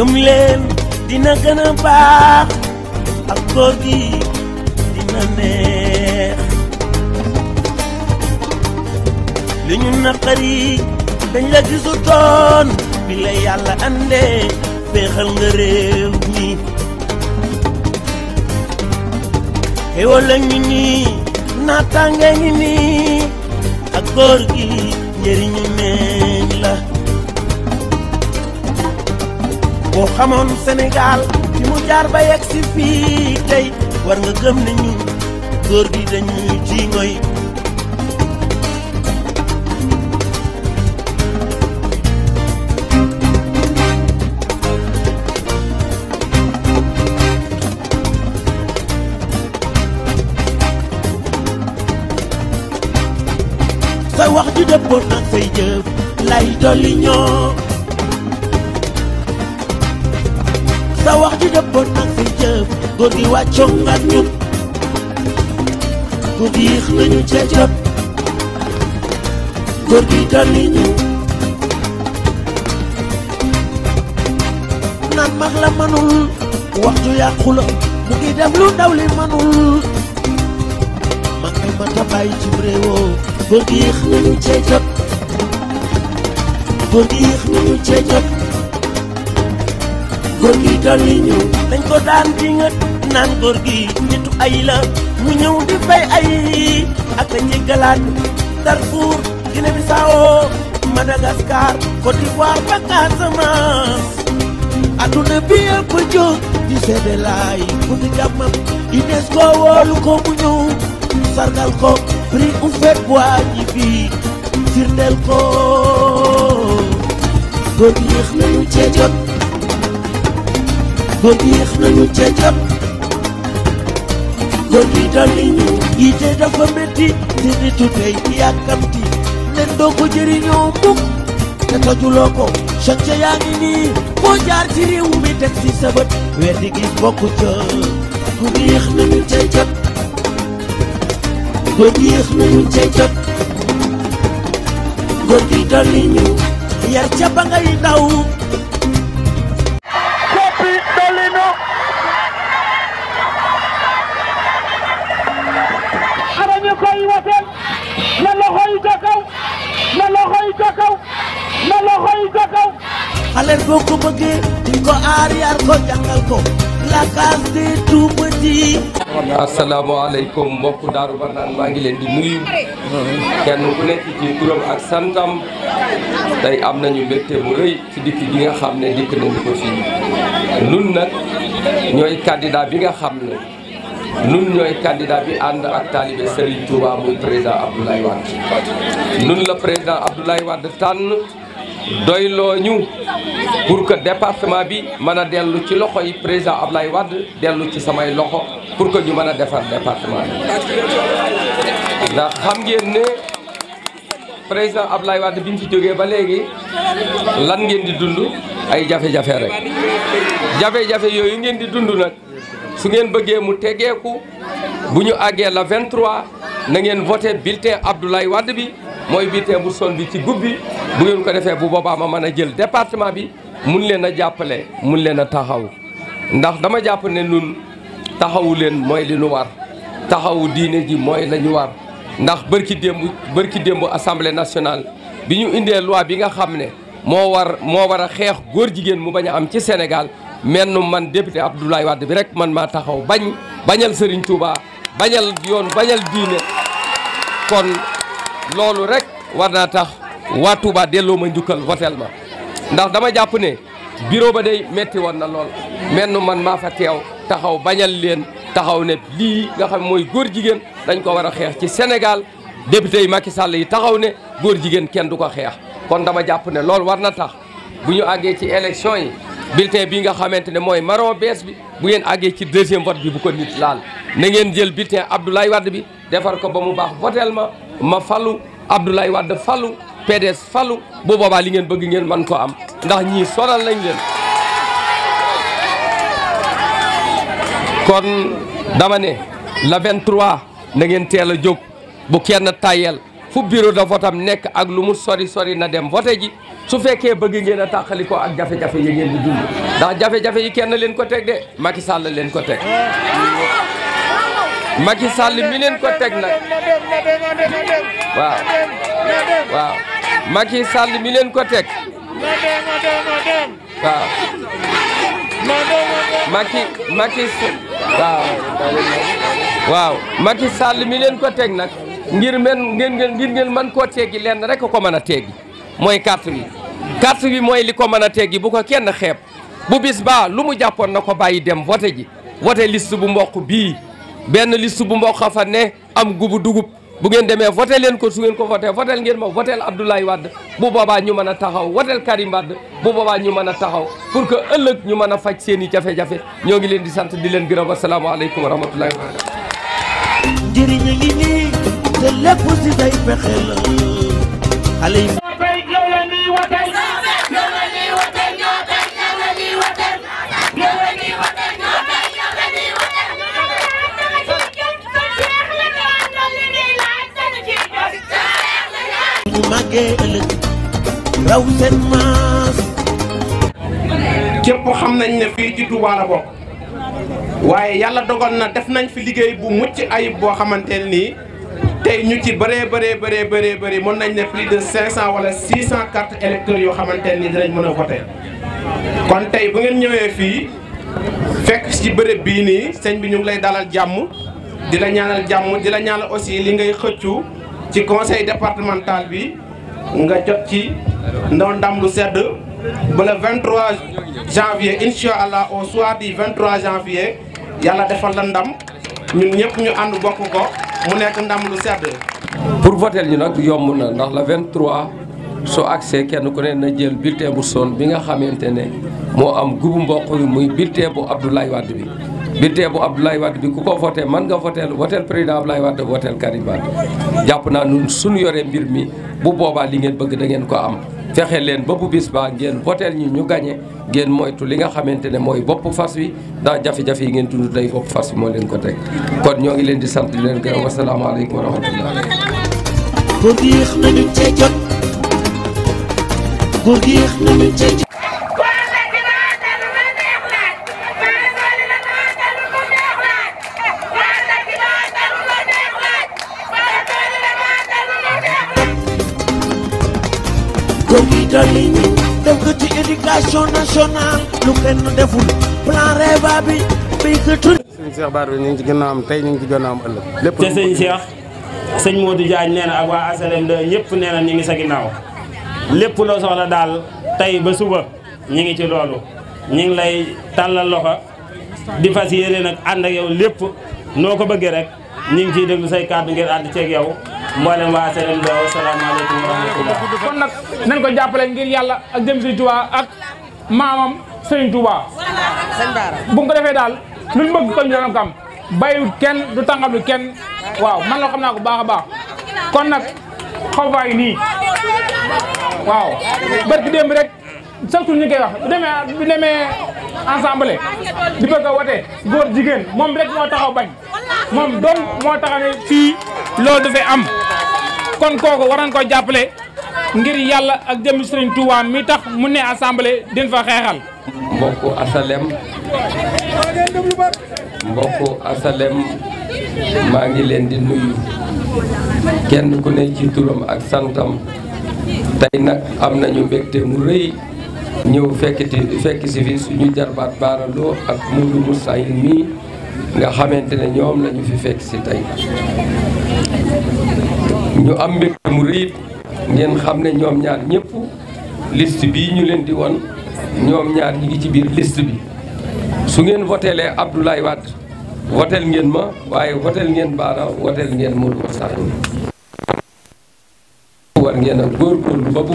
gëm dina gën a baax ak góor gi dina neex li ñu naqari dañ la gisu toon bi yàlla andee féexal nga réew mi xéwal la nii naataange ñu nii ak góor gi njëriñu neen la boo xamoon Sénégal ci mu jaar ba yegg si fii tey war nga gëm ne góor gi dañuy ji ngoy sa wax ju dëppoon ak say jëf lay dolli ñoo la wax ji dëppoon nag fi jëf guddi wàccoon nga ñun guddi yéex nañu ca jot gi dolli ñu naan la manul wax ju yàqu la mu ngi dem lu manul mag ay mata bàyyi ci réewoo góor gi yéex nañu ca gi yéex nañu góor gi dolli ñëw dañ ko daan di ngët naan góor gi nitu ay la mu ñëw di fay ay ak la njëggalaat Darfour Guinée Bissau Madagascar Côte d'Ivoire ba Casamance adduna bi yëpp jóg di seede laay ku di jàmmam UNESCO woolu ko mu ñëw sargal ko prix Houphouët Boigny bi firndeel ko góor gi yéex nañu cee góor gi yéex nañu ca jàpp góor gi dalli ñu yite dafa métti te nitu tey yàkkamti leen doo ko jëriñoo mukk te tojuloo ko choc ca nii boo jaar ci réew mi teg ci sa bët weer bokku ca góor gi yéex nañu ca góor gi yéex ñu yar ca ba ngay daw asalaamaaleykum mbokk Daaru Marnaan maa ngi leen di nuyu kenn bu nekk ci turam ak santam tey am nañu mbégte mu rëy ci dikk bi nga xam ne dikk nañu ko fii nun nag ñooy candidat bi nga xam ne nun ñooy candidat bi ànd ak taalibe Serigne Touba muy président Abdoulaye Wade nun la président Abdoulaye Wade tànn doyloo ñu pour que departement bi mën a dellu ci loxo yi président Ablaye Wade dellu ci samay loxo pour que ñu mën a defar département bi ndax xam ngeen ne président Ablaye Wade bi mu fi jógee ba léegi lan ngeen di dund ay jafe-jafe rek jafe-jafe yooyu ngeen di dund nag su ngeen bëggee mu tegeeku bu ñu àggee la 23 na ngeen vote voté bulletin Abdoulaye Wade bi mooy bulletin bu son bi ci gub bi bu ngeen ko defee bu boobaa ma mën a jël département bi mun leen a jàppale mun leen a taxaw ndax dama jàpp ne nun taxawu leen mooy li nu war taxawu diine ji mooy la ñu war ndax bërki démb bërki démb assemblée nationale bi ñu indee loi bi nga xam ne moo war moo war a xeex góor jigéen mu bañ a am ci Sénégal menn man député Abdoulaye Wade bi rek man maa taxaw bañ bañal Serigne Touba bañal yoon bañal diine kon loolu rek war naa tax waa Touba delloo ma njukkal votel ma ndax dama jàpp ne bureau ba day metti woon na lool menn man maa fa teew taxaw bañal leen taxaw ne lii nga xam mooy góor jigéen dañ ko war a xeex ci Sénégal député yi Macky Sall yi taxaw ne góor jigéen kenn du ko xeex kon dama jàpp ne loolu war na tax bu ñu àggee ci élection yi bulletin bii nga xamante ne mooy marron bees bi bu ngeen àggee ci deuxième vote bi bu ko nit laal na ngeen jël bulletin Abdoulaye Wade bi defar ko ba mu baax votel ma ma falu Abdoulaye Wade falu PDS falu bu boobaa li ngeen bëgg ngeen man ko am ndax ñii sonal lañ leen kon dama ne la 23 na ngeen teel a jóg bu kenn tayel fu bureau de vote am nekk ak lu mu sori sori na dem vote ji su fekkee bëgg ngeen a tàqali ko ak jafe-jafe yi ngeen di dund ndax jafe-jafe yi kenn leen ko teg de Macky Sall leen ko teg Macky Sall mi ko teg nag waaw waaw Macky Sall ko teg waaw Macky Macky waaw leen ko teg nag ngir men ngeen ngeen ngir ngeen mën koo teggi lenn rek ko mën a teggi mooy carte bi carte bi mooy li ko mën a teggi bu ko kenn xeeb bu bis baa lu mu jàppoon na ko bàyyi dem vote ji vote liste bu mboq bii benn liste bu mboq fa ne am gubu dugub bu ngeen demee voté leen ko su ngeen ko voté voté ngeen ma voté Abdoulaye Wade bu boobaa ñu mën a taxaw voté Karim Wade bu boobaa ñu mën a taxaw pour que ëllëg ñu mën a faj seen i jafe-jafe ñoo ngi leen di sant di leen gërëm asalaamaaleykum wa rahmatullahi wa barakatuh njëriñ a ngi nii te lépp si day fexe la màggee ëllëg raw seen maas képp xam nañ ne fii ci Touba la bokk waaye yàlla dogal na def nañ fi liggéey bu mucc ayib boo xamante ne nii tey ñu ci bëree bëree bëree bëree bëri mën nañ ne plus de 500 wala 600 cartes électeurs yoo xamante ne nii dinañ mën a voter kon tey bu ngeen ñëwee fii fekk ci bërëb bii nii sëñ bi ñu ngi lay dalal jàmm di la ñaanal jàmm di la ñaanal aussi li ngay xëccu. ci conseil départemental bi nga jot ci ndaw ndam lu sedd ba le 23 janvier incha allah au soir du 23 janvier yàlla defal la ndam ñun ñëpp ñu ànd bokk ko mu nekk ndam lu sedd. pour voter ñu nag yomb na ndax la 23 soo accès kenn ku ne na jël bulletin bu son bi nga xamante ne moo am gubu mboq bi muy bulletin bu Abdoulaye Wade bi. bulletin ab Abdoulaye Wade bi ku ko voté man nga votel votel président Abdoulaye Wade votel Karim Wade jàpp naa nun suñu yore mbir mi bu boobaa li ngeen bëgg da ngeen ko am fexe leen ba bu bis baa ngeen votel ñi ñu gañe ngeen moytu li nga xamante ne mooy bopp fas wi ndax jafe-jafe yi ngeen dund tey bopp fas wi moo leen ko teg kon ñoo ngi leen di sant di leen gërëm wasalaamaaleykum wa rahmatullah góor gi yéex na jéggi dolli ñi def ko ci éducation nationale lu kenn deful plan REVA bi béy ko tur. sëñ Cheikh Bara ñu ngi ci gën am tey ñu ngi ci gën a ëllëg. lépp te sëñ Cheikh sëñ Modou Diagne nee na ak waa ASLM de ñëpp nee na ñu ngi sa ginnaaw lépp loo soxla daal tey ba suba ñu ngi ci loolu ñu ngi lay tàllal loxo di fas yéene nag ànd ak yow lépp noo ko bëggee rek ñu ngi ciy déglu say kàddu ngir ànd ceeg yow. mboolem waa Sëriñ Lo nañ ko jàppale ngir yàlla ak jëm si Touba ak maamam Sëriñ Touba bu ko defee daal lu ñu ko ñu doon kam bàyyiwut kenn du tàngam lu kenn waaw man na xam naa ko baax a baax kon nag xaw faa ngi nii waaw barki démb rek surtout ñu koy wax bu demee ensemble di bëgg a góor jigéen moom rek moo taxaw bañ moom donc moo taxaw ne fii loolu dafay am kon kooku waran ko jàppale ngir yàlla ak jëmmi Sëriñ tuuwaan mi tax mu ne assemblée din fa xeexal mbokku asalem mbokku asalem maa ngi leen di nuyu kenn ku ne ci turam ak santam tey nag am nañu mbégte mu rëy ñëw fekkiti fekk si fi suñu jarbaat baaraloo ak Moudou Moussa mii nga xamante ne ñoom lañu fi fekk si tey ñu am mbégte mu rëy ngeen xam ne ñoom ñaar ñëpp list bi ñu leen di won ñoom ñaar ñi ngi ci biir list bi su ngeen votelee Abdoulaye Wade votel ngeen ma waaye votel ngeen Baara votel ngeen Moudou Moussa war ba bu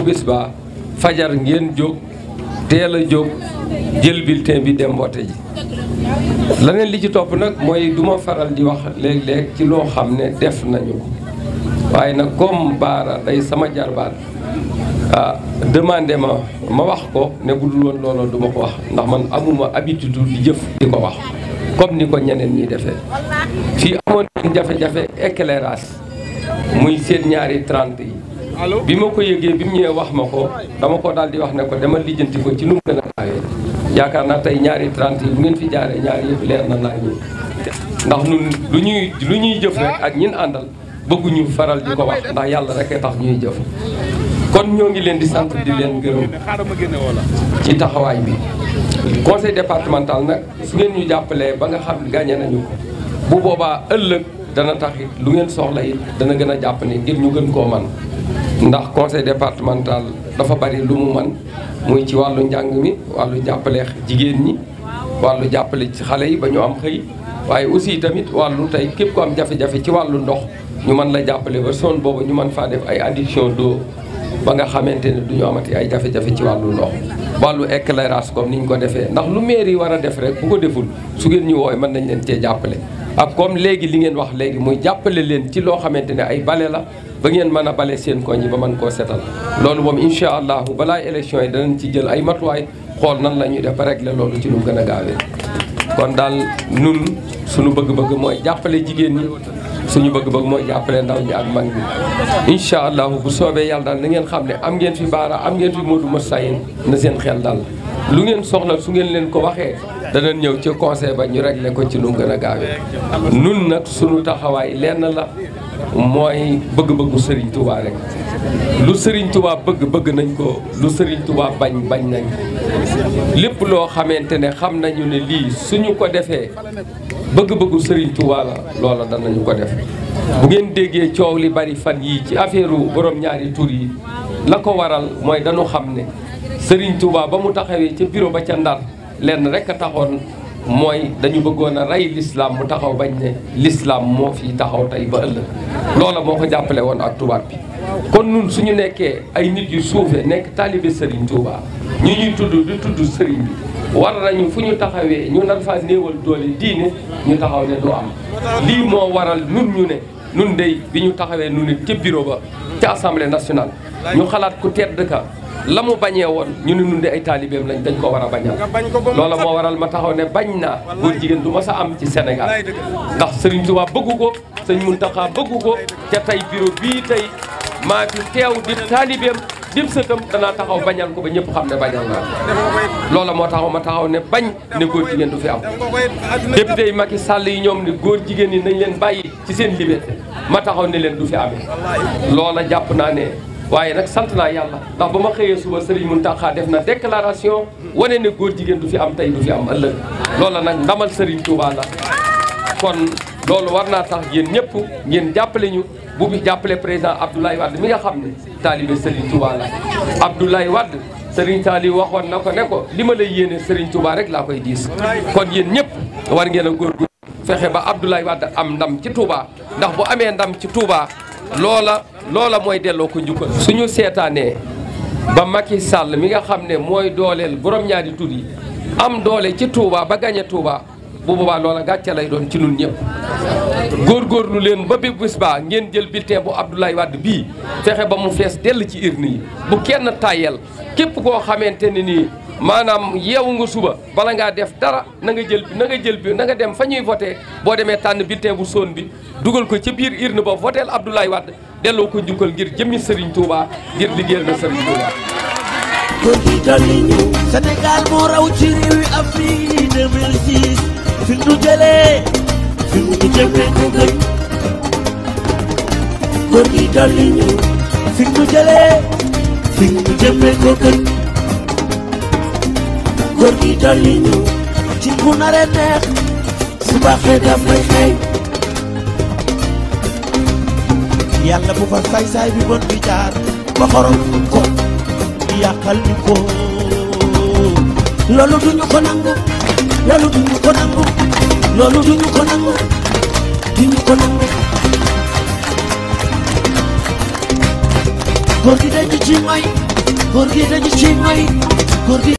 ngeen jóg teel a jóg jël bulletin bi dem woote ji leneen li ci topp nag mooy du ma faral di wax léeg-léeg ci loo xam ne def nañu ko waaye nag comme baara day sama jarbaat ah demandé ma ma wax ko ne bu dul woon looloo du ko wax ndax man amuma habitude di jëf di ko wax comme ni ko ñeneen ñi defee fii amoon nañ jafe-jafe éclairage muy seen ñaari trente yi bi ma ko yëgee bi mu ñëwee wax ma ko dama ko daal di wax ne ko demal lijjanti ko ci lu mu gën a gaawee yaakaar naa tey ñaari 30 yi bu ngeen fi jaare ñaari yëpp leer na naa ñii ndax ñun lu ñuy lu ñuy jëf rek ak ñin àndal bëgguñu faral di ko wax ndax yàlla rek tax ñuy jëf kon ñoo ngi leen di sant di leen gërëm ci taxawaay bi conseil départemental nag su ngeen ñu jàppalee ba nga xam gàññe nañu bu boobaa ëllëg dana taxit lu ngeen soxla it dana gën a jàpp ne ngir ñu gën koo ndax conseil départemental dafa bari lu mu man muy ci wàllu njàng mi wàllu jàppale jigéen ñi wàllu jàppale ci xale yi ba ñu am xëy waaye aussi tamit wàllu tey képp ko am jafe-jafe ci wàllu ndox ñu mën la jàppale ba zone boobu ñu man faa def ay adduction d'eau ba nga xamante ne du ñu amati ay jafe-jafe ci wàllu ndox wàllu éclairage comme ni ñu ko defee ndax lu mairie yi war a def rek bu ko deful su ngeen ñu woowee mën nañ leen cee jàppale ak comme léegi li ngeen wax léegi muy jàppale leen ci loo xamante ne ay bale la ba ngeen mën a bale seen koñ yi ba mën koo setal loolu moom incha allahu balaa élection yi danañ ci jël ay matuwaay xool nan la ñuy def ba régler loolu ci nu gën a gaawee. kon daal nun suñu bëgg-bëgg mooy jàppale jigéen ñi suñu bëgg-bëgg mooy jàppale ndaw ñi ak mag ñi incha allahu bu soobee yàlla daal na ngeen xam ne am ngeen fi baara am ngeen fi Modou Moussa na seen xel daal lu ngeen soxla su ngeen leen ko waxee. danañ ñëw ci conseil ba ñu réglé ko ci nu gën a gaawee nun nag suñu taxawaay lenn la mooy bëgg-bëggu Serigne Touba rek lu Serigne bëgg bëgg nañ ko lu Serigne Touba bañ bañ nañ lépp loo xamante ne xam nañu ne lii suñu ko defee bëgg-bëggu Serigne Touba la loola danañu ko def bu ngeen déggee coow li bari fan yii ci affaire borom ñaari tur yi la ko waral mooy dañu xam ne Serigne Touba ba mu taxawee ca bureau ba ca Ndar lenn rek a taxoon mooy dañu bëggoon a rey lislaam mu taxaw bañ ne lislaam moo fi taxaw tey ba ëllëg loola moo ko jàppale woon ak tubaab bi kon nun suñu nekkee ay nit yu suufe nekk taalibe Serigne Touba ñu ñuy tudd di tudd Serigne bi war nañu fu ñu taxawee ñu nar faa néewal doole diine ñu taxaw ne du am lii moo waral nun ñu ne nun day bi ñu taxawee nu ca bureau ba ca assemblée nationale ñu xalaat ku tedd ka la mu bañee woon ñu ne nun de ay taalibeem lañ dañ ko war a bañal loola moo waral ma taxaw ne bañ naa góor jigéen du ma sa am ci senegal ndax Sëriñ Tuubaa bëggu ko sëñ Muntaxa bëggu ko ca tey bureau bii tey maa fi teew di taalibeem dim sëtam danaa taxaw bañal ko ba ñëpp xam ne bañal naa loola moo taxaw ma taxaw ne bañ ne góor jigéen du fi am député yi Macky sàll yi ñoom ne góor jigéen yi nañ leen bàyyi ci seen liberté ma taxaw ne leen du fi amee jàpp naa ne waaye nag sant naa yàlla ndax ba ma xëyee suba Serigne Mountakha def na déclaration wane ne góor jigéen du fi am tey du fi am ëllëg loola nag ndamal Serigne Touba la kon loolu war naa tax yéen ñëpp ngeen jàppale ñu bu bi jàppale président Abdoulaye Wade mi nga xam ne taalibe Serigne Touba la Abdoulaye Wade Serigne Saliou waxoon na ko ne ko li ma lay yéene Serigne Touba rek laa koy diis kon yéen ñëpp war ngeen a góorgóorlu fexe ba Abdoulaye wàdd am ndam ci loola mooy delloo ko njukkal suñu seetaanee ba Macky sàll mi nga xam ne mooy dooleel borom ñaari tur yi am doole ci Touba ba gañe Touba bu boobaa loola gàcce lay doon ci nun ñëpp góorlu leen ba bi ngeen jël bulletin bu Abdoulaye Wade bii fexe ba mu fees dell ci urne yi bu kenn tàyyel képp koo xamante ne nii maanaam yeewu nga suba bala ngaa def dara na nga jël na nga jël bi na nga dem fa ñuy voté boo demee tànn bulletin bu son bi dugal ko ci biir urne ba votel Abdoulaye Wade delloo ko njukkal ngir jëmmi Serigne Touba ngir liggéeyal na Serigne Touba. góor gi dolli ñu Sénégal moo raw ci réew yi Afrique 2006 fi mu nu jëlee fi nu jëmee ko gën. góor gi dolli ñu fi nu jëlee fi nu jëmee ko gën. góor gi dolli ñu ci bu naree neex su baaxee dafay yàlla bu fa saay saay bi bon bi jaar ba xorom ñu ko yàqal ñu ko loolu duñu ko nangu loolu duñu ko nangu loolu duñu ko nangu duñu ko nangu góor gi dañu ci may góor gi dañu